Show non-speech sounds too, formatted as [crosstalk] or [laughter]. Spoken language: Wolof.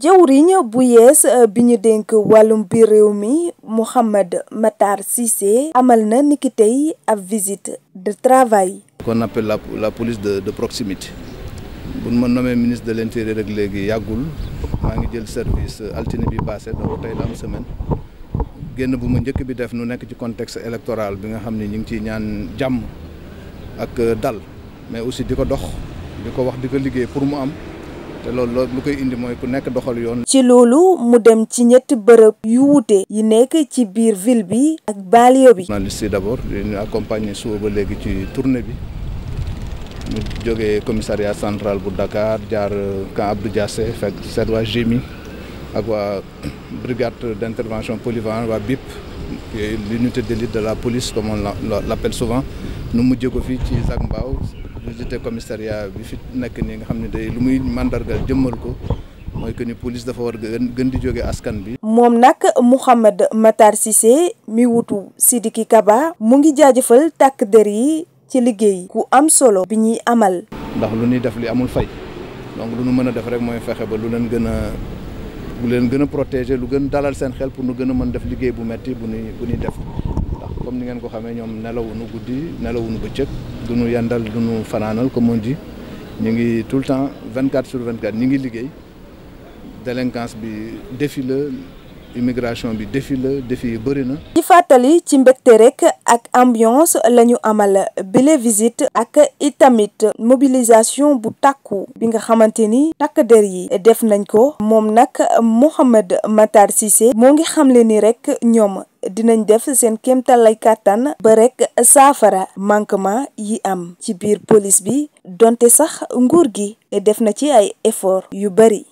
jëwriñ bu yees eh, bi ñu dénk wàllum biir réew mi Mouhamed Matar Cissé amal na niki tey ab visit de travail. kon appelle la la police de de proximité bu ma nommé ministre de l'intérieur rek léegi yàggul maa ngi jël service eh, altine bi passé donc tey la semaine génn bu ma njëkk bi def nu nekk ci contexte électoral bi nga xam ne ñu ngi ci ñaan jàmm. ak euh, dal mais aussi di ko dox di ko wax di ko liggéey pour mu am te loolu lu koy indi mooy ku nekk doxal yoon. ci loolu mu dem ci ñetti bërëb yu wuute. yi nekk ci biir ville bi ak banlieue bi. journaliste yi d'abord ñu accompagner suba ba léegi ci tourne bi mu jógee commissariat central bu Dakar jaar euh, camp Abdou Diassé fekk seet waa GMI ak waa [coughs] brigade d'intervention polyvalente waa nu te d'élite de la police comme on l'appelle souvent. nu mujjee ko fii ci mbaaw Mbao visité commissariat bi fi nekk nii nga xam ne day lu muy màndargal jëmmal ko mooy que ni police dafa war gën di jóge askan bi. moom nag Mouhamed Matar Cissé mi wutu Sidiki Kaba mu ngi jaajëfal takk der yi ci liggéey ku am solo bi ñuy amal. ndax lu ñuy def li amul fay donc lu nu mën a def rek mooy fexe ba lu leen gën a lu leen gën a protéger lu gën dalal seen xel pour nu gën a mën def liggéey bu metti bu ñuy bu ñuy def. comme ni ngeen ko xamee ñoom nelawu nelawuñu guddi nelawuñu bëccëg du ñu yendal du fanaanal comme on dit ñu ngi tout le temps 24 sur 24 ñu ngi liggéey délinquance bi défi la immigration bi défi la yu bëri na. ci fàttali ci mbégte rek ak ambiance la ñu amal bile visite ak itamit mobilisation bu takku bi nga xamante ni takk der yi def nañ ko moom nag Mouhamed Matar moo ngi xamle ni rek ñoom dinañ def seen ay kàttan ba rek saafara manquement yi am ci biir police bi donte sax nguur gi def na ci ay effort yu bëri.